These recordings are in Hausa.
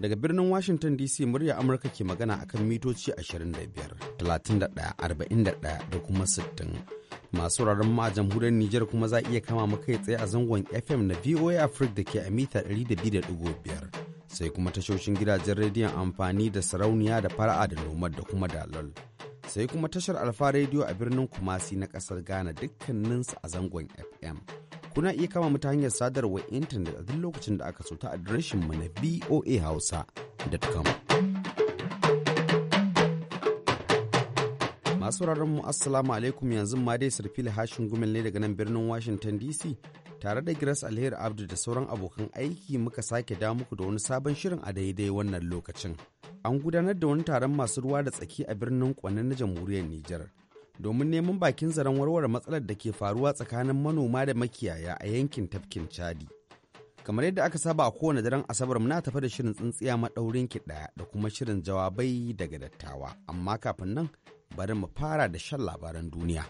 Daga birnin Washington DC murya Amurka ke magana akan mitoci 25, 31, 41 da kuma 60. Masu wuraren ma a jamhuriyar Nijar kuma za iya kama makai tsaye a zangon FM na VOA Africa da ke a mita 200.5. Sai kuma tashoshin gidajen rediyon amfani da sarauniya da fara'a da nomad da kuma dalol. Sai kuma tashar Alfa Radio a birnin Kumasi na kasar Ghana dukkaninsu a zangon FM. kuna iya kama mu ta hanyar sadarwar intanet a duk lokacin da aka so ta adireshin mu na voahausa.com. Masu mu Assalamu alaikum yanzu ma dai sarfili hashin gumel ne daga nan birnin Washington DC tare da Giras Alheri Abdu da sauran abokan aiki muka sake da muku da wani sabon shirin a daidai wannan lokacin. An gudanar da wani taron masu ruwa da tsaki a birnin Kwanan na jamhuriyar Nijar. domin neman bakin zaren warware matsalar da ke faruwa tsakanin manoma da makiyaya a yankin tafkin Chadi. Kamar yadda aka saba a kowane daren Asabar muna tafi da shirin tsintsiya maɗaurin ki ɗaya da kuma shirin jawabai daga dattawa, amma kafin nan bari mu fara da shan labaran duniya.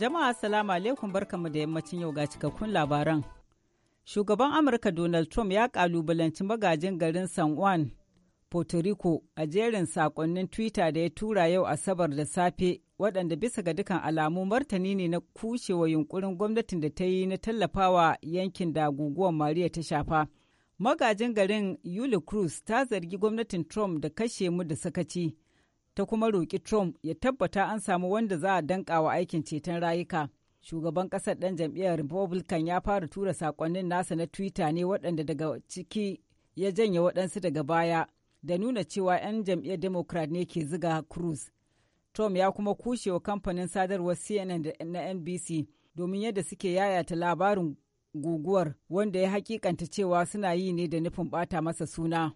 Jama'a salama alaikum barkamu da yammacin yau ga cikakkun labaran. Shugaban Amurka Donald Trump ya kalubalanci magajin garin San Juan Puerto Rico a jerin sakonnin Twitter da ya tura yau Asabar da safe waɗanda bisa ga dukan alamu martani ne na kushewa yunkurin gwamnatin da ta yi na tallafawa yankin da guguwar Maria ta shafa. Magajin garin Yuli Cruz ta zargi gwamnatin Trump da kashe mu da sakaci, ta kuma roƙi Trump ya tabbata an samu wanda za a danƙa wa aikin ceton rayuka. Shugaban ƙasar ɗan jam'iyyar Republican ya fara tura sakonnin nasa na Twitter ne waɗanda daga ciki ya janye waɗansu daga baya. da nuna cewa 'yan jam'iyyar democrat ne ke ziga cruz trump ya kuma kushe wa kamfanin sadarwar cnn na nbc domin yadda suke yayata labarin guguwar wanda ya hakikanta cewa suna yi ne da nufin bata masa suna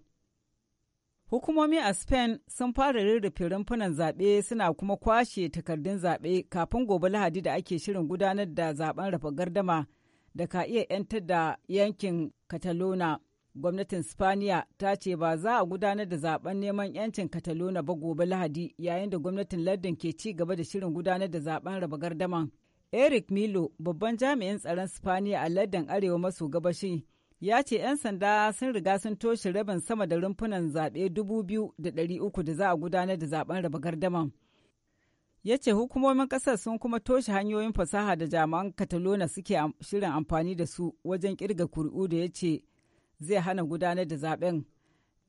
hukumomi a spain sun fara rurrufe rumfunan zaɓe suna kuma kwashe takardun zaɓe kafin gobe lahadi da ake shirin gudanar da zaben rafa gardama da ka iya 'yantar da yankin Catalonia. gwamnatin spaniya ta ce ba za a gudanar da zaben neman 'yancin katalona ba gobe lahadi yayin da gwamnatin lardin ke ci gaba da shirin gudanar da zaben raba gardaman eric milo babban jami'in tsaron spaniya a lardin arewa maso gabashi ya ce 'yan sanda sun riga sun toshe rabin sama da rumfunan zaɓe 2,300 da za a gudanar da zaben raba gardaman ya ce hukumomin ƙasar sun kuma toshe hanyoyin fasaha da jami'an katalona suke shirin amfani da su wajen kirga kuri'u da ya ce zai hana gudanar da zaben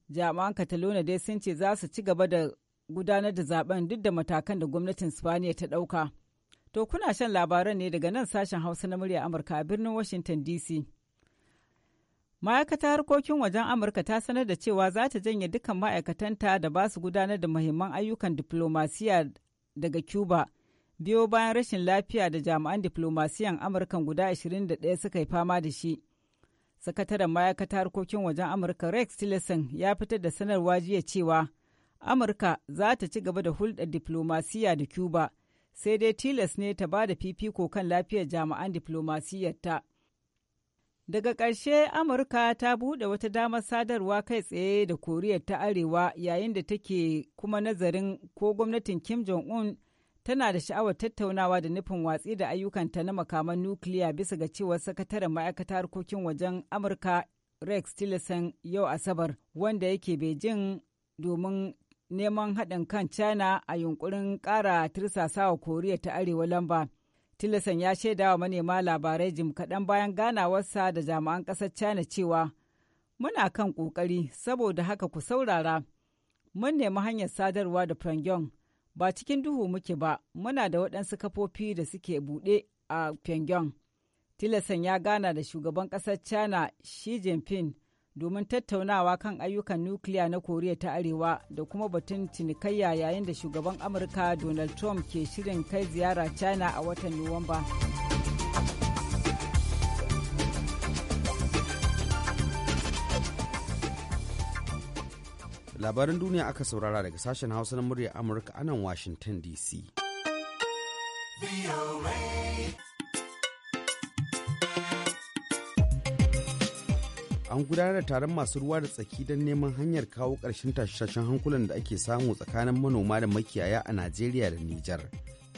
jami'an catalonia dai sun ce za su ci gaba da gudanar da zaben duk da matakan da gwamnatin spaniya ta ɗauka to kuna shan labaran ne daga nan sashen hausa na murya amurka a birnin washington dc ma'aikata harkokin wajen amurka ta sanar da cewa za ta janye dukkan ma'aikatanta da ba su gudanar da muhimman ayyukan diplomasiya daga cuba biyo bayan rashin lafiya da jami'an diflomasiyan amurkan guda 21 suka yi fama da shi sakataren ma'aikata harkokin wajen amurka rex tillerson ya fitar da sanarwa jiya cewa amurka za ta ci gaba da hulɗar diflomasiyya da cuba sai dai tilas ne ta ba da fifiko kan lafiyar jami'an diflomasiyyarta daga ƙarshe amurka ta buɗe wata damar sadarwa kai tsaye da koriya ta arewa yayin da take kuma nazarin ko gwamnatin kim jong-un tana da sha'awar tattaunawa da nufin watsi da ayyukanta na makaman nukiliya bisa ga cewar sakataren ma'aikatar harkokin wajen amurka rex tillerson yau asabar wanda yake beijing domin neman haɗin kan china a yunkurin ƙara tirsasawa koriya ta arewa lamba tillerson ya shaida wa manema labarai jim kaɗan bayan ganawarsa da jami'an ƙasar china cewa muna kan ƙoƙari saboda haka ku saurara mun nemi hanyar sadarwa da pyongyang ba cikin duhu muke ba muna da waɗansu kafofi da suke buɗe a pyongyang tilasan ya gana da shugaban ƙasar china xi jinping domin tattaunawa kan ayyukan nukiliya na koriya ta arewa da kuma batun cinikayya yayin da shugaban amurka donald trump ke shirin kai ziyara china a watan nuwamba. labaran duniya aka saurara daga sashen hausa na murya amurka anan washington dc an gudanar da taron masu ruwa da tsaki don neman hanyar kawo ƙarshen tashe-tashen hankulan da ake samu tsakanin manoma da makiyaya a najeriya da nijar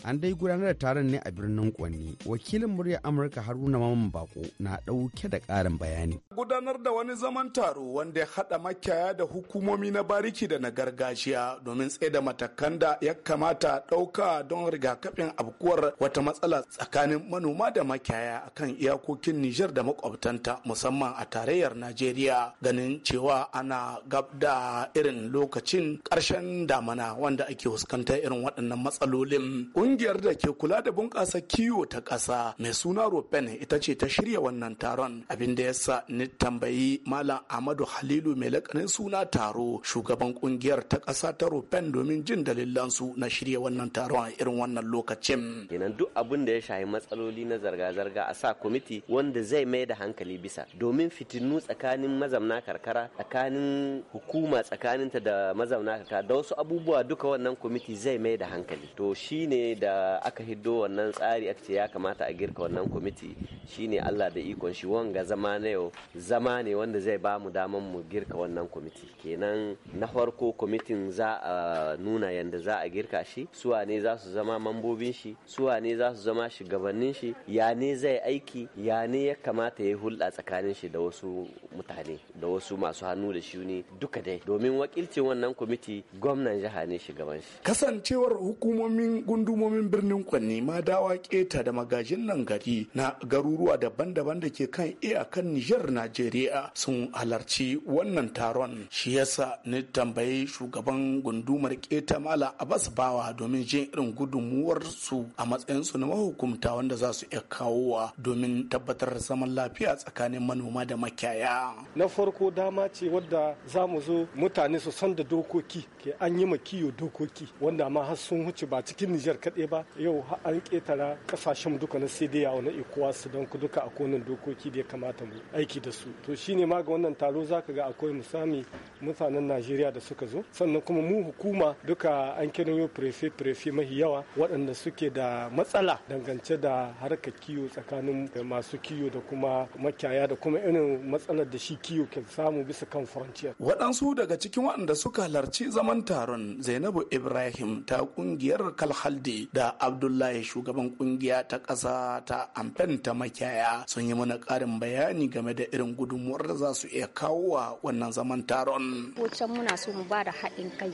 an dai gudanar da taron ne a birnin kwanni wakilin muryar amurka haruna maman bako na dauke da karin bayani gudanar da wani zaman taro wanda ya hada makiyaya da hukumomi na bariki da na gargajiya domin tsaida matakan da ya kamata ɗauka don rigakafin abkuwar wata matsala tsakanin manoma da makiyaya akan iyakokin nijar da makwabtanta musamman a tarayyar najeriya ganin cewa ana gab da irin lokacin karshen damana wanda ake fuskantar irin waɗannan matsalolin Kungiyar da ke kula da bunƙasa kiwo ta ƙasa mai suna Ropen ita ce ta shirya wannan taron abin da sa ni tambayi Malam amadu Halilu mai lakanin suna taro shugaban kungiyar ta kasa ta Ropen domin jin dalilan su na shirya wannan taron a irin wannan lokacin. Kenan duk abin da ya shahi matsaloli na zarga-zarga a sa kwamiti wanda zai mai da hankali bisa domin fitinu tsakanin mazamna karkara tsakanin hukuma tsakaninta da mazamna karkara da wasu abubuwa duka wannan kwamiti zai mai da hankali to shine da aka hiddo wannan tsari aka ya kamata a girka wannan kwamiti shine Allah da ikon shi wanga zama na yau zama ne wanda zai ba mu daman mu girka wannan kwamiti kenan na farko kwamitin za a nuna yadda za a girka shi suwa ne za su zama mambobin shi suwa ne za su zama shugabannin shi ya ne zai aiki ya ne ya kamata ya hulɗa tsakanin shi da wasu mutane da wasu masu hannu da shuni duka dai domin wakilcin wannan kwamiti gwamnan jiha ne shugaban shi kasancewar hukumomin gundumomin hukumomin birnin kwanni ma dawa keta da magajin nan gari na garuruwa daban-daban da ke kan iyakan nijar najeriya sun halarci wannan taron shi yasa ni tambayi shugaban gundumar keta mala abbas bawa domin jin irin gudunmuwar su a matsayinsu na mahukumta wanda za su iya kawowa domin tabbatar zaman lafiya tsakanin manoma da makiyaya na farko dama ce wadda za mu zo mutane su san da dokoki ke an yi ma kiyo dokoki wanda ma har sun wuce ba cikin nijar kaɗai kaɗai ba yau an ƙetara ƙasashen duka na sai dai na su don ku duka a konin dokoki da ya kamata mu aiki da su to shine ma ga wannan taro ka ga akwai musami mutanen najeriya da suka zo sannan kuma mu hukuma duka an kiran kirayo prefe prefe mahi yawa waɗanda suke da matsala dangance da harkar kiwo tsakanin masu kiwo da kuma makiyaya da kuma irin matsalar da shi kiwo ke samu bisa kan frontier waɗansu daga cikin waɗanda suka halarci zaman taron zainabu ibrahim ta ƙungiyar kalhalde da Abdullahi shugaban kungiya ta ƙasa ta amfen ta makiyaya sun yi mana ƙarin bayani game da irin gudunmuwar da za su iya kawo wa wannan zaman taron. Wacan muna so mu ba da haɗin kai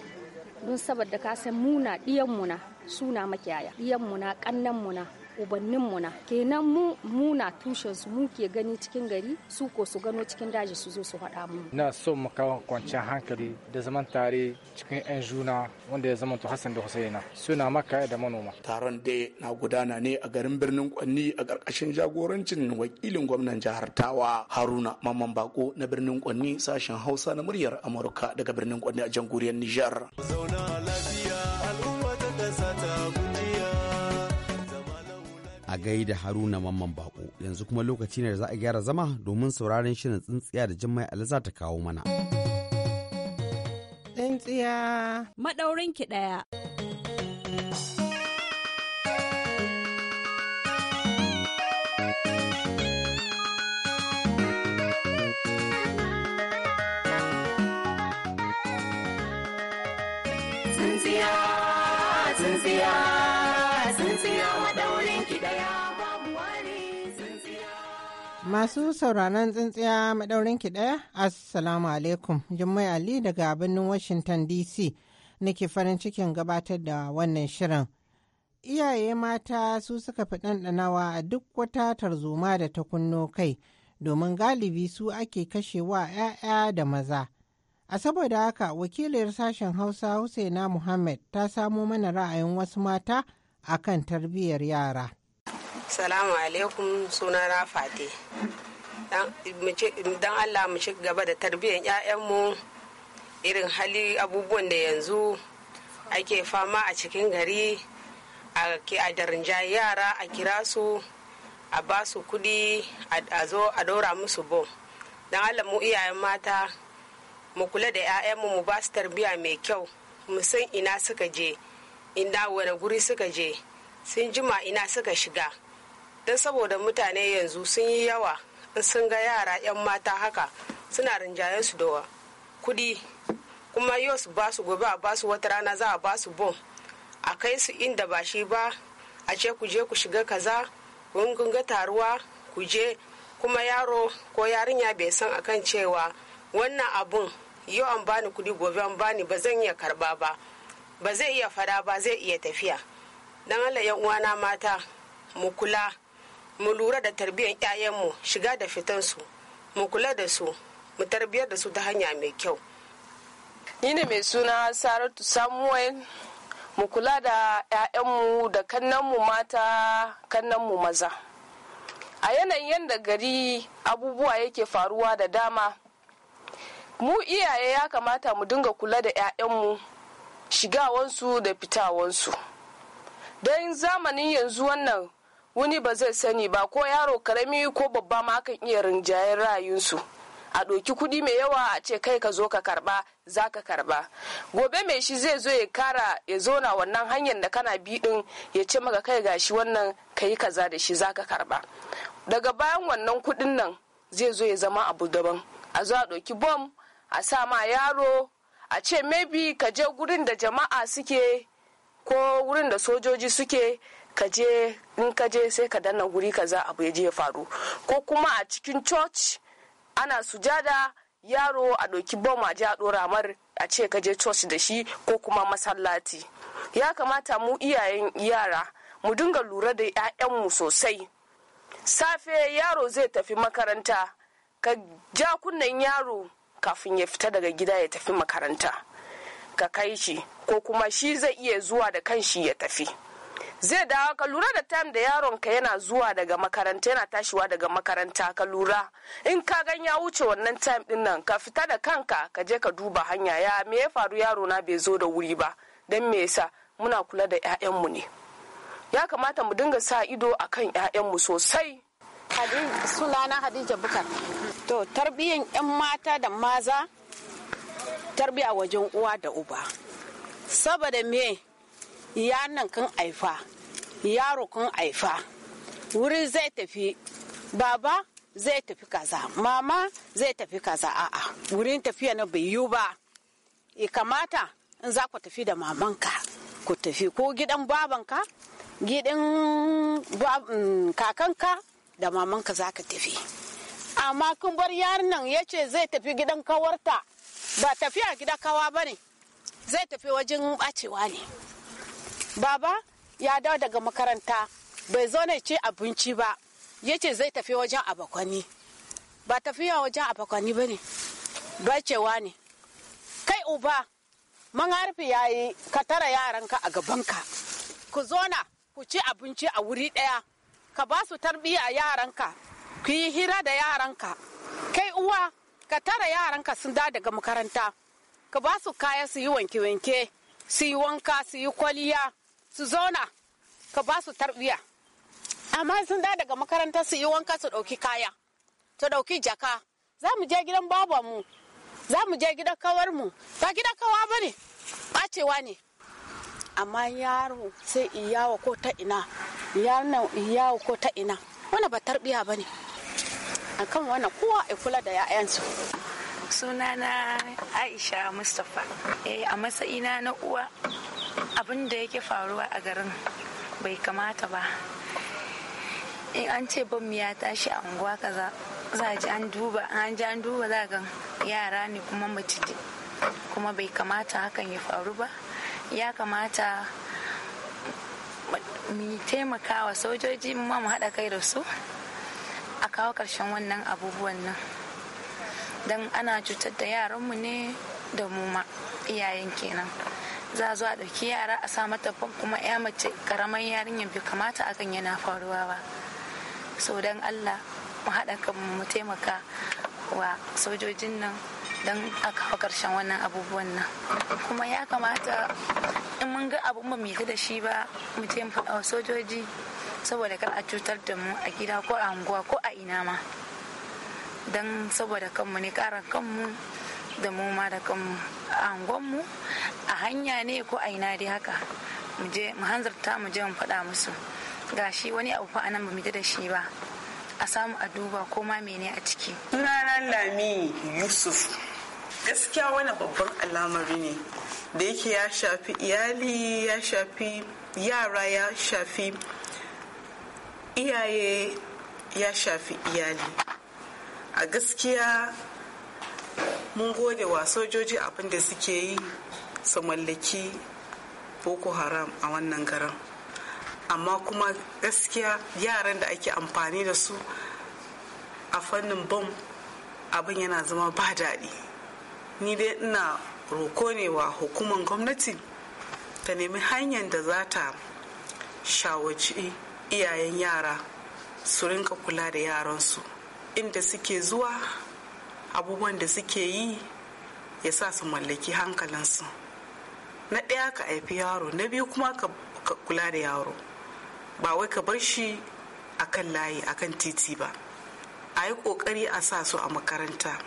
don saboda ka san muna ɗiyan muna suna makiyaya ɗiyan muna ƙannan muna ubanninmu na kenan mu muna tushen su mu ke gani cikin gari su ko su gano cikin daji su zo su haɗa mu na so mu kawo kwanciyar hankali da zaman tare cikin yan juna wanda ya zama to Hassan da Husaina suna maka da manoma taron da na gudana ne a garin birnin Kwanni a ƙarƙashin jagorancin wakilin gwamnan jihar Tawa Haruna Mamman Bako na birnin Kwanni sashen Hausa na muryar Amurka daga birnin Kwanni a jamhuriyar Nijar a gaida haruna mamman bako yanzu kuma lokaci ne da za a gyara zama domin sauraron shirin tsintsiya da jimmai za ta kawo mana tsintsiya maɗaurinki ɗaya Masu sauraron tsintsiya maɗaurin ki ɗaya, Assalamu alaikum, Jummai Ali daga birnin Washington DC nake farin cikin gabatar da wannan shirin. Iyaye mata su suka fi ɗanɗanawa a duk wata tarzoma da ta kunno kai, domin galibi su ake kashewa 'ya'ya da maza. A saboda haka wakiliyar sashen Hausa Husaina Muhammad ta samo mana ra'ayin wasu mata akan tarbiyyar yara. salamu alaikum suna rafate dan don allah mu ci gaba da tarbiyyar 'ya'yanmu irin hali abubuwan da yanzu ake fama a cikin gari a darinja yara a kira su a ba su kudi a zo a daura musu bom don allah mu iyayen mata mu kula da 'ya'yanmu mu ba su tarbiyya mai kyau mu san ina suka je inda wani guri suka je sun jima ina suka shiga don saboda mutane yanzu sun yi yawa in sun ga yara 'yan mata haka suna rinjayen su da kudi kuma yau su ba su gobe a ba su wata rana za a ba su bom a kai su inda ba shi ba a ce ku je ku shiga kaza kun ga taruwa ku je kuma yaro ko yarinya bai san akan cewa wannan abun yau an bani kudi gobe an bani ba zan iya karba ba ba zai iya fada ba zai iya tafiya don allah yan uwana mata mu kula mu lura da tarbiyyar 'ya'yanmu shiga da fitansu mu kula da su mu tarbiyyar da su ta hanya mai kyau ni ne mai suna saratu samuel mu kula da 'ya'yanmu da kannanmu mata kannanmu maza a yanayin yadda gari abubuwa yake faruwa da dama mu iyaye ya kamata mu dinga kula da 'ya'yanmu shigawansu da fitawansu don zamanin yanzu wannan wani ba zai sani ba ko yaro karami ko babba ma kan iya rinjayen ra'ayinsu a ɗoki kuɗi mai yawa a ce kai ka zo ka karba za ka karba gobe mai shi zai zo ya kara ya zona wannan hanyar da kana bi ɗin ya ce maka kai gashi wannan ka yi kaza da shi za ka karba daga bayan wannan kuɗin nan zai zo ya zama abu daban a zo a ɗoki bom a sa ma yaro a ce maybe ka je gurin da jama'a suke ko wurin da sojoji suke ka je in ka je sai ka danna guri kaza abu ya je ya faru ko kuma a cikin church ana sujada yaro a ɗauki bom a a ɗora mar a ce ka je church da shi ko kuma masallaci ya kamata mu iyayen yara mu dinga lura da 'ya'yanmu sosai safe yaro zai tafi makaranta ka ja kunnen yaro kafin ya fita daga gida ya tafi makaranta ka kai shi ko kuma shi zai iya zuwa da kanshi ya tafi zai dawo ka lura da time da yaron ka yana zuwa daga makaranta yana tashiwa daga makaranta ka lura in ka gan ya wuce wannan time din nan ka fita da kanka ka je ka duba hanya ya me ya faru yaro na bai zo da wuri ba dan me yasa muna kula da 'ya'yanmu ne ya kamata mu dinga sa ido akan 'ya'yanmu sosai sunana hadija bukar to tarbiyyan 'yan mata da maza tarbiya wajen uwa da uba saboda me ya nan kan aifa yaro kan aifa wuri zai tafi baba zai tafi kaza mama zai tafi kaza a'a wurin tafiya na bai yiwu ba e kamata in za ku tafi da mamanka ku tafi ko gidan babanka gidan mm, kakanka da mamanka za ka tafi amma kun bar nan ya ce zai tafi gidan kawarta ba tafiya gida kawa ba ne zai tafi wajen bacewa ne baba ya dawo daga makaranta bai zo ne ce abinci ba Ya ce zai tafi wajen abakwani ba tafiya wajen abakwani ba ne bacewa ne kai uba man harfi ya yi ka tara yaranka a gabanka ku zona ku ci abinci a wuri ɗaya ka ba su a yaranka ku yi hira da yaranka kai uwa ka tara yaranka sun da daga makaranta ka ba su kaya su yi wanke-wanke su yi wanka su yi kwaliya su zauna ka ba su tarbiya amma sun da daga makarantar su yi wanka su ɗauki kaya su ɗauki jaka za mu je gidan babanmu za mu je gidan kawarmu ba gidan kawa ba ne ɓacewa ne amma yaro sai iyawa ko ta ina yaron iyawa ko ta ina wani ba tarbiya ba ne a kan wannan kowa a kula da 'ya'yansu sunana aisha mustapha eh, a matsayina na uwa abin da yake faruwa a garin bai kamata ba in an ce bam ya tashi a unguwa kaza za ji an duba an ji an duba za ga yara ne kuma mace kuma bai kamata hakan ya faru ba ya kamata mu wa sojoji ma mu haɗa kai da su a kawo ƙarshen wannan abubuwan nan don ana cutar da yaranmu ne da mu ma iyayen kenan za a zo a ɗauki yara a sa mata kuma ya mace karamar yarinya bai kamata akan yana faruwa ba so don allah mu haɗa kan mu taimaka wa sojojin nan don a kawo ƙarshen wannan abubuwan nan kuma ya kamata in mun ga abun ba mu da shi ba mu taimaka wa sojoji saboda kar a cutar da mu a gida ko a unguwa ko a ina ma don saboda kanmu ne karan kanmu da mu ma da kanmu a angonmu a hanya ne ko a ina dai haka mu hanzarta mu je mu faɗa musu Ga shi wani abu fa anan ba mu da shi ba a samu a duba ko ma mene a ciki sunana lami yusuf gaskiya wani babban al'amari ne da yake ya shafi iyali ya shafi yara ya shafi iyaye ya shafi iyali a gaskiya mun gode wa sojoji abin da suke yi su mallaki boko haram a wannan garin amma kuma gaskiya yaran da ake amfani da su a fannin bom abin yana zama ba daɗi ni dai ina roko ne wa hukumar gwamnati ta nemi hanyar da za ta shawarci iyayen yara su rinka kula da yaransu inda suke zuwa abubuwan da suke yi ya sa su mallaki hankalinsu na ɗaya ka haifi yaro na biyu kuma ka kula da yaro ba wai ka bar shi a kan layi a kan titi ba a yi ƙoƙari a sa su a makaranta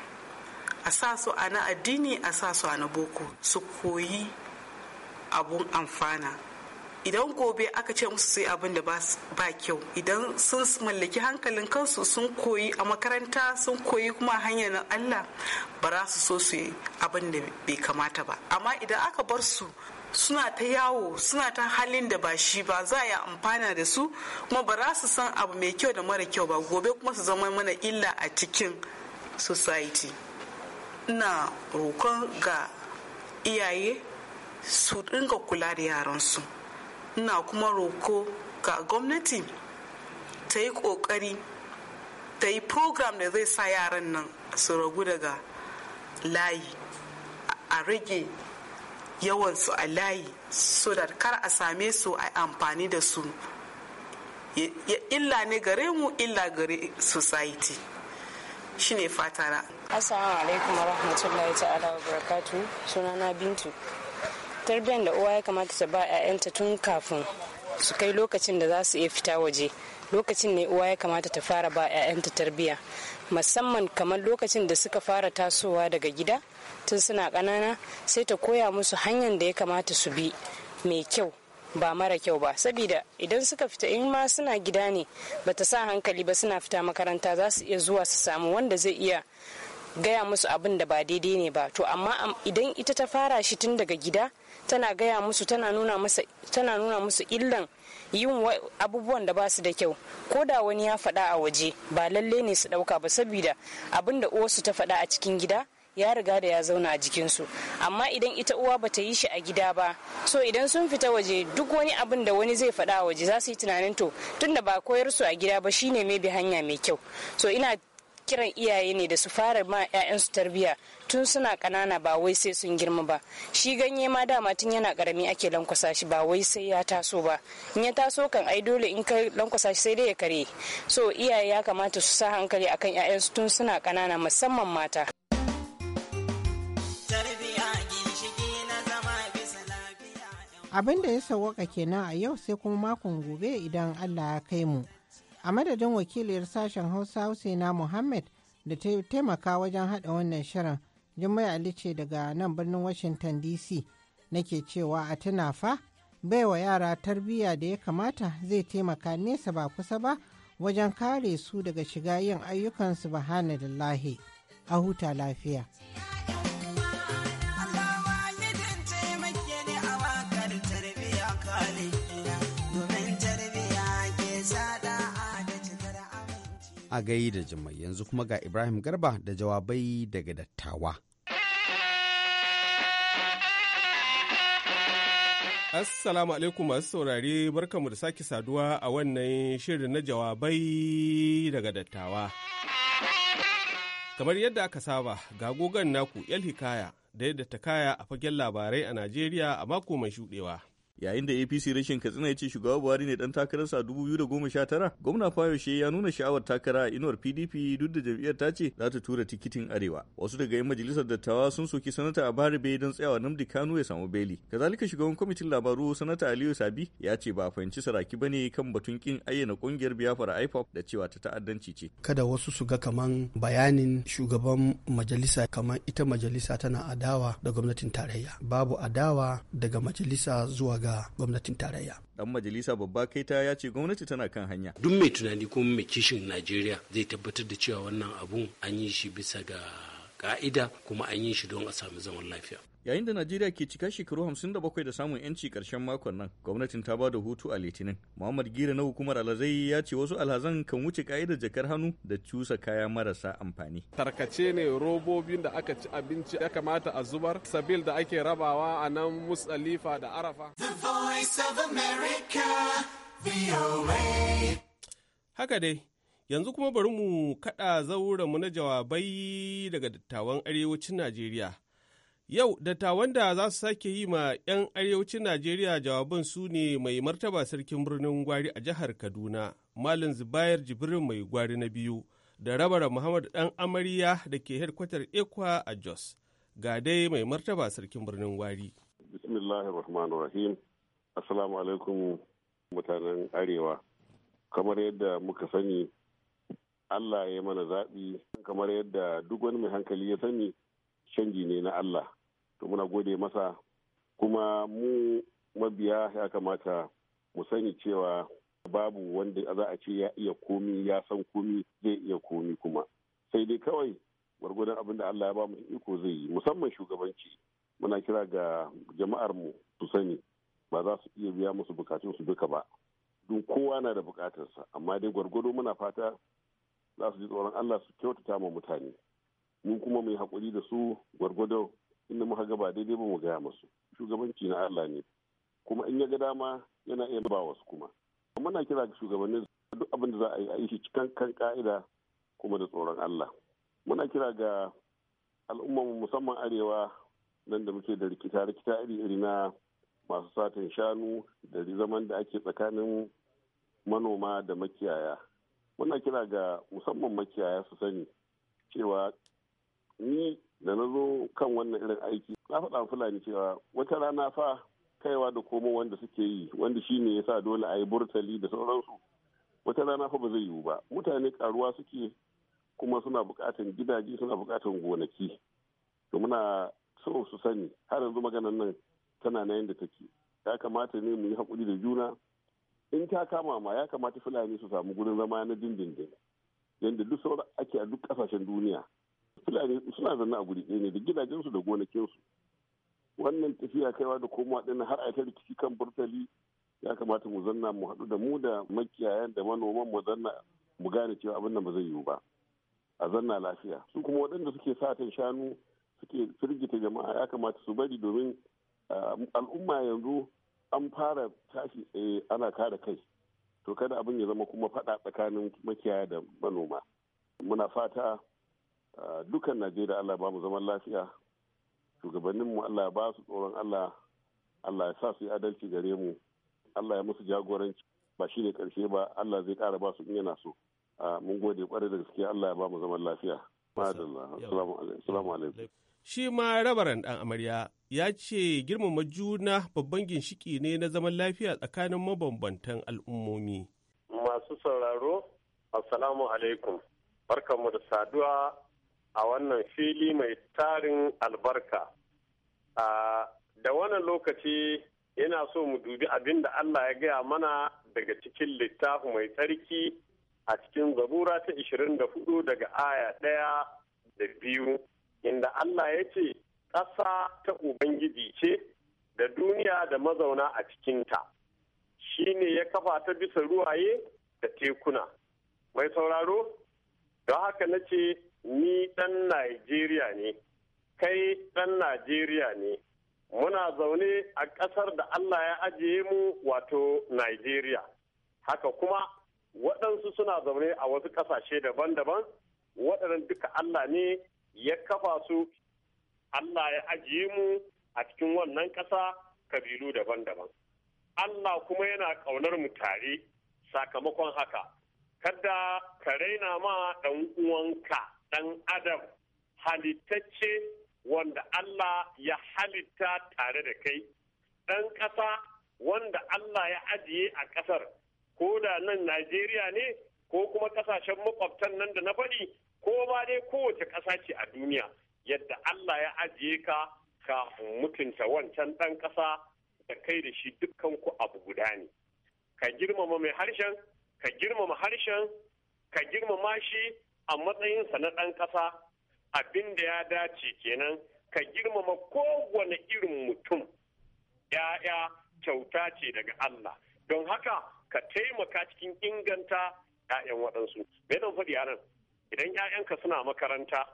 a sa su a na addini a sa su a na boko su koyi abun amfana idan gobe aka ce musu sai abin da ba kyau idan sun mallaki hankalin kansu sun koyi a makaranta sun koyi kuma hanyar na allah ba za su so su yi abin da bai kamata ba amma idan aka bar su suna ta yawo suna ta halin da ba shi ba za a yi amfana da su kuma ba za su san abu mai kyau da mara kyau ba gobe kuma su zama mana illa a cikin society ina rokon ga iyaye su dinga kula da yaransu ina kuma roko ga gwamnati ta yi kokari ta yi program da zai sa yaran nan su ragu daga layi a rage yawansu a layi so da kar a same su a amfani da su illa ne gare mu illa gare society shine fatara. assalamu alaikum wa rahmatullahi ta'ala wa barakatu sunana bintu tarbiyyar da uwa ya kamata ta ba 'ya'yanta tun kafin su kai lokacin da za su iya fita waje lokacin ne uwa ya kamata ta fara ba 'ya'yanta tarbiyya musamman kamar lokacin da suka fara tasowa daga gida tun suna ƙanana sai ta koya musu hanyar da ya kamata su bi mai kyau ba mara kyau ba saboda idan suka fita in ma suna gida ne ba ta sa hankali ba suna fita makaranta za su iya zuwa su samu wanda zai iya gaya musu abin da ba daidai ne ba to amma idan ita ta fara shi tun daga gida tana gaya musu tana nuna musu illan yin abubuwan da ba su da kyau ko da wani ya faɗa a waje ba lalle ne su ɗauka ba saboda abin da uwarsu ta faɗa a cikin gida ya riga da ya zauna a jikinsu amma idan ita uwa ba ta yi shi a gida ba so idan sun fita waje duk wani abin da wani zai faɗa a waje za su yi tunanin to tunda ba koyar su a gida ba shine mai bi hanya mai kyau so ina kiran iyaye ne da su fara ma 'ya'yansu tarbiyya tun suna kanana ba wai sai sun girma ba shi ganye ma dama tun yana karami ake lankwasa shi ba wai sai ya taso ba in ya taso kan ai dole in ka lankwasa shi sai dai ya kare so iyaye ya kamata su sa hankali akan 'ya'yansu tun suna kanana musamman mata abin da ya sawwaka kenan a yau sai kuma makon gobe idan allah ya kai mu a madadin wakiliyar sashen hausa husaina muhammad da ta taimaka wajen haɗa wannan shirin jimai ali ce daga nan birnin washington dc nake cewa a tuna fa baiwa yara tarbiyya da ya kamata zai taimaka nesa ba kusa ba wajen kare su daga shiga yin ayyukan subhanallah a huta lafiya. a gai da jimai yanzu kuma ga Ibrahim Garba da jawabai daga dattawa. Assalamu alaikum masu saurare barkamu da sake saduwa a wannan shirin na jawabai daga dattawa. Kamar yadda aka saba ga gogon naku 'yar Hikaya da yadda ta kaya a fagen labarai a Najeriya a mako mai shuɗewa. yayin da apc rashin katsina ya ce shugaba buhari ne dan goma sha tara gwamna fayoshe ya nuna sha'awar takara a inuwar pdp duk da jam'iyyar ta ce za ta tura tikitin arewa wasu daga yan majalisar dattawa sun soki sanata abari bai don tsayawa namdi kano ya samu beli kazalika shugaban kwamitin labaru sanata aliyu sabi ya ce ba fahimci saraki ba ne kan batun kin ayyana kungiyar biafra ipop da cewa ta ta'addanci ce kada wasu su ga kaman bayanin shugaban majalisa kaman ita majalisa tana adawa da gwamnatin tarayya babu adawa daga majalisa zuwa ga gwamnatin tarayya. Dan majalisa babba kaita ya ce gwamnati tana kan hanya. Duk mai tunani ko mai kishin Najeriya zai tabbatar da cewa wannan abun an yi shi bisa ga ka'ida kuma an yi shi don a samu zaman lafiya. Yayin da Najeriya ke cika shekaru 57 da samun 'yanci karshen makon nan, gwamnatin ta ba da hutu a Litinin. Muhammad Gira na hukumar alhazai ya ce wasu alhazan kan wuce ka'idar jakar hannu da cusa kaya marasa amfani. Tarkace ne robobin da aka ci abinci ya kamata a zubar, sabil da ake rabawa a nan Musalifa da Arafa. The Voice of America, VOA. Haka dai, yanzu kuma bari mu kaɗa zauren mu na jawabai daga dattawan arewacin Najeriya. Yau dattawan da za su sake yi ma 'yan arewacin Najeriya jawabin su ne mai martaba sarkin birnin gwari a jihar Kaduna, Malam Zubair jibril mai gwari na biyu, da rabara Muhammad dan amarya da ke hedkwatar Ekwa a Jos. Ga dai mai martaba sarkin birnin gwari. Bismillahirrahmanirrahim. Assalamu alaikum mutanen Arewa. Kamar yadda muka sani, Allah ya mana zaɓi, kamar yadda duk wani mai hankali ya sani, canji ne na Allah to muna gode masa kuma mu mabiya ya kamata mu sani cewa babu wanda za a ce ya iya komi ya san komi zai iya komi kuma sai dai kawai gwargwadon abin da Allah ya ba mu iko zai yi musamman shugabanci muna kira ga jama'ar mu su sani ba za su iya biya musu bukatun su duka ba don kowa na da bukatarsa amma dai gwargwado muna fata za su ji tsoron Allah su kyautata ma mutane mu kuma mu yi hakuri da su gwargwado inda muka ga ba daidai ba mu gaya masu shugabanci na Allah ne kuma in ya ga dama yana iya ba wasu kuma amma kira ga shugabanni duk abin da za a yi a yi cikin kan ka'ida kuma da tsoron Allah muna kira ga al'ummar musamman arewa nan da muke da rikita-rikita iri-iri na masu satin shanu da zaman da ake tsakanin manoma da makiyaya muna kira ga musamman makiyaya su sani cewa ni da na zo kan wannan irin aiki na faɗa fulani cewa wata rana fa kaiwa da komo wanda suke yi wanda shi ne ya sa dole a yi burtali da sauransu wata rana fa ba zai yiwu ba mutane karuwa suke kuma suna buƙatan gidaje suna buƙatan gonaki to muna so su sani har yanzu maganan nan tana na yadda take ya kamata ne mu yi haƙuri da juna in ta kama ma ya kamata fulani su samu gurin zama na dindindin yadda duk sauran ake a duk ƙasashen duniya fulani suna zanna a guri ne da gidajensu da gonakinsu wannan tafiya kaiwa da komawa ɗin har a ta rikici kan burtali ya kamata mu zanna mu haɗu da mu da makiyayan da manoman mu zanna mu gane cewa abin nan ba zai yiwu ba a zanna lafiya su kuma waɗanda suke satan shanu suke firgita jama'a ya kamata su bari domin al'umma yanzu an fara tashi tsaye ana kare kai to kada abin ya zama kuma faɗa tsakanin makiyaya da manoma muna fata dukan najeriya allah ba mu zaman lafiya shugabanninmu allah ba su tsoron allah allah ya sa su yi adalci gare mu allah ya musu jagoranci ba shi ne karshe ba allah zai kara ba su in yana so mun gode kwarai da gaske allah ya ba mu zaman lafiya Shi ma rabaran dan amarya ya ce girmama juna babban ginshiki ne na zaman lafiya tsakanin mabambantan al'ummomi. Masu sauraro, Assalamu alaikum. Barkanmu da saduwa a wannan fili mai tarin albarka. Da wannan lokaci yana so mu dubi abin da Allah ya gaya mana daga cikin littafi mai tsarki a cikin zabura ta 24 daga aya ɗaya da biyu inda Allah ya ce ƙasa ta Ubangiji ce da duniya da mazauna a cikinta shi ne ya kafa ta bisa ruwaye da tekuna mai sauraro don haka na ce ni ɗan Najeriya ne, kai ɗan Najeriya ne, muna zaune a ƙasar da Allah ya ajiye mu wato Najeriya. Haka kuma waɗansu suna zaune a wasu ƙasashe daban-daban, waɗannan duka Allah ne ya kafa su, Allah ya ajiye mu a cikin wannan ƙasa kabilu daban-daban. Allah kuma yana ƙaunar mu tare sakamakon haka. Kada ka raina ma ɗan uwanka. ɗan adam halittacce wanda Allah ya halitta tare da kai ɗan ƙasa wanda Allah ya ajiye a ƙasar ko da nan Najeriya ne ko kuma ƙasashen makwabtan nan da na faɗi ko ma dai kowace ƙasa ce a duniya yadda Allah ya ajiye ka ka mutunta wancan ɗan ƙasa da kai da shi dukkan ku abu guda ne ka girmama mai harshen ka girmama harshen ka girmama shi a matsayinsa na ɗan ƙasa abin da ya dace kenan ka girmama kowane irin mutum ya'ya kyauta ce daga Allah don haka ka taimaka cikin inganta ya'yan waɗansu me zan faɗi a nan idan ya'yanka suna makaranta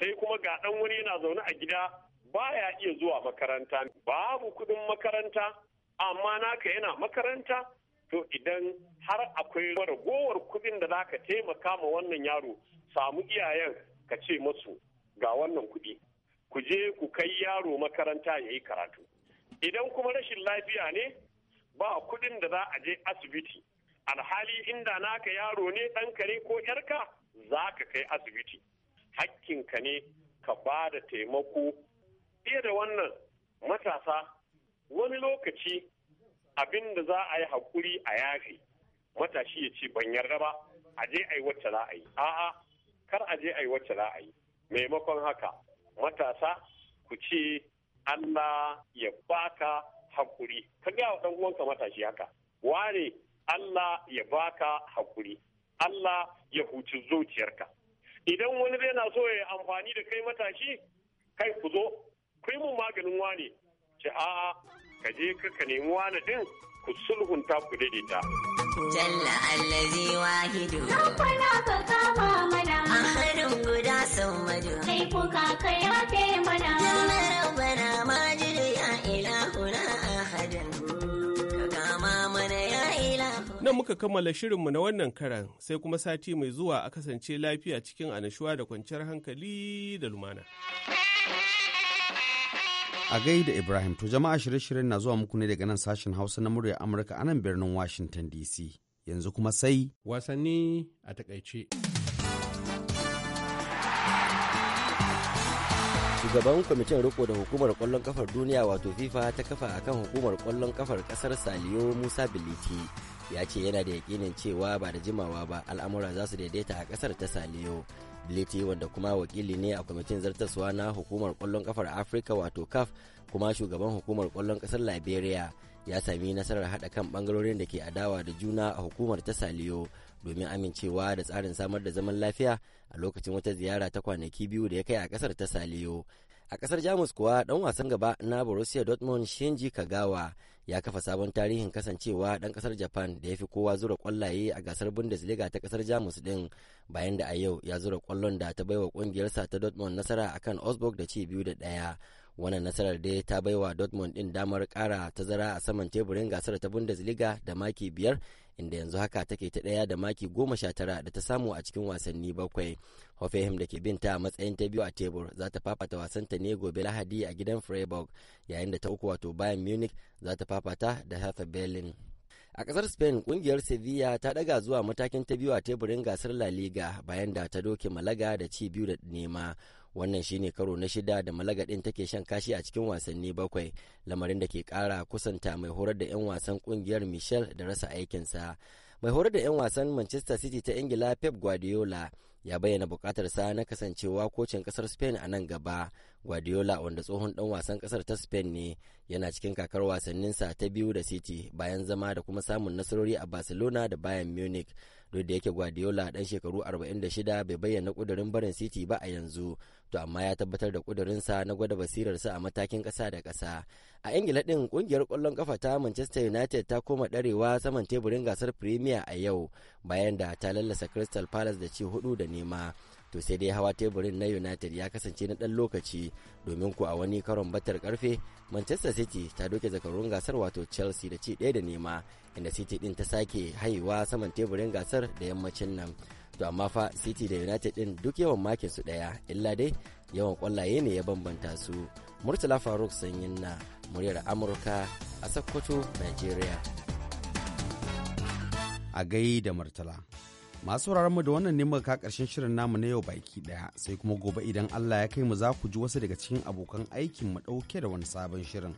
sai kuma ga ɗan wani yana zaune a gida baya iya zuwa makaranta babu kuɗin makaranta amma naka yana makaranta to idan har akwai ragowar kuɗin da zaka taimaka ma wannan yaro samu iyayen ka ce masu ga wannan kuɗi ku je ku kai yaro makaranta ya yi karatu idan kuma rashin lafiya ne ba kuɗin da za a je asibiti alhali inda naka yaro ne ɗanka ne ko yarka za ka kai asibiti Hakkin ka ne ka ba da taimako fiye da wannan matasa wani lokaci abin da za a yi hakuri a yafe matashi ya ce ban yarda ba a je a yi wacce za a yi a'a kar a je a yi wacce za a yi maimakon haka matasa ku ce Allah ya baka hakuri. ka ga wa uwanka matashi haka Ware, Allah ya baka hakuri. Allah ya huci zuciyarka idan wani zai na so ya amfani da kai matashi kai ku zo ku yi mun maganin wane ce a'a ka je ka nemi wani din ku sulhunta ku daidaita. Jalla allazi wahidu. Rabbana ka kama mana. A harin guda madu. Kai kuka ka yafe mana. Jalla rabbana majidu ya ilahuna ahadun. Nan muka kammala shirinmu na wannan karan sai kuma sati mai zuwa a kasance lafiya cikin anashuwa da kwanciyar hankali da lumana. A gaida Ibrahim, to jama'a shirye-shiryen na zuwa muku ne daga nan sashen Hausa na murya Amurka a nan birnin Washington DC. Yanzu kuma sai wasanni a takaice. shugaban kwamitin riko da hukumar kwallon kafar duniya wato fifa ta kafa a kan hukumar kwallon kafar kasar saliyo musa biliti ya ce yana da yakinin cewa ba da jimawa ba al'amura za su daidaita a kasar ta saliyo biliti wanda kuma wakili ne a kwamitin zartaswa na hukumar kwallon kafar afirka wato caf kuma shugaban hukumar kwallon kasar liberia ya sami nasarar haɗa kan bangarorin da ke adawa da juna a hukumar ta saliyo domin amincewa da tsarin samar da zaman lafiya a lokacin wata ziyara ta kwanaki biyu da ya kai a kasar ta saliyo A kasar Jamus kuwa ɗan wasan gaba na Borussia Dortmund Shinji Kagawa ya kafa sabon tarihin kasancewa ɗan kasar Japan da ya fi kowa zura kwallaye a gasar Bundesliga ta kasar Jamus ɗin bayan da a yau ya zura kwallon da ta baiwa ƙungiyarsa ta Dortmund nasara akan Osburg da ci biyu da ɗaya wannan nasarar dai ta bai wa dortmund din damar kara tazara a saman teburin gasar ta bundesliga da maki biyar inda yanzu haka take ta daya da maki goma sha tara da ta samu a cikin wasanni bakwai hoffenheim da ke binta a matsayin ta biyu a tebur za ta fafata wasanta ne gobe lahadi a gidan freiburg yayin da ta uku wato bayan munich za ta fafata da hertha berlin A ƙasar Spain ƙungiyar Sevilla ta ɗaga zuwa matakin ta biyu a teburin gasar La Liga bayan da ta doke Malaga da ci biyu da nema. Wannan shine karo na shida da Malaga ɗin take shan kashi a cikin wasanni bakwai, lamarin da ke kara kusanta mai horar da 'yan wasan ƙungiyar Michel da rasa aikinsa. Mai horar da 'yan wasan Manchester City ta Ingila Pep Guardiola ya bayyana buƙatarsa na kasancewa kocin ƙasar Spain a nan gaba, Guardiola wanda tsohon dan wasan kasar ta Spain ne yana cikin kakar wasanninsa ta biyu da City bayan zama da kuma samun nasarori a Barcelona da bayan Munich duk da yake Guardiola dan shekaru 46 bai bayyana kudurin barin City ba a yanzu to amma ya tabbatar da kudurinsa na gwada basirarsa a matakin kasa da kasa a Ingila din kungiyar kwallon kafa ta Manchester United ta koma darewa saman teburin gasar Premier a yau bayan da ta lallasa Crystal Palace da ci hudu da nema to sai dai hawa teburin na united ya kasance na ɗan lokaci domin ku a wani karon batar karfe manchester city ta doke zakarun gasar wato chelsea da ci ɗaya da nema inda city ɗin ta sake haihuwa saman teburin gasar da yammacin nan to amma fa city da united din duk yawan makin su ɗaya illa dai yawan kwallaye ne ya bambanta su murtala faruk sanyin na muryar amurka a sokoto nigeria a gai da murtala Masu mu da wannan neman ka karshen shirin namu na yau baki daya sai kuma gobe idan Allah ya kai mu za ku ji wasu daga cikin abokan aikin mu dauke da wani sabon shirin.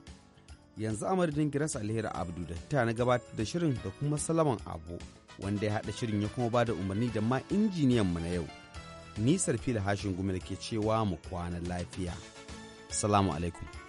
Yanzu amadadin Giras Alheri Abdu da ta na gabatar da shirin da kuma Salaman Abu wanda ya haɗa shirin ya kuma ba da umarni da ma injiniyan mu na yau. Nisar fila hashin gumi da ke cewa mu kwana lafiya. Salamu alaikum.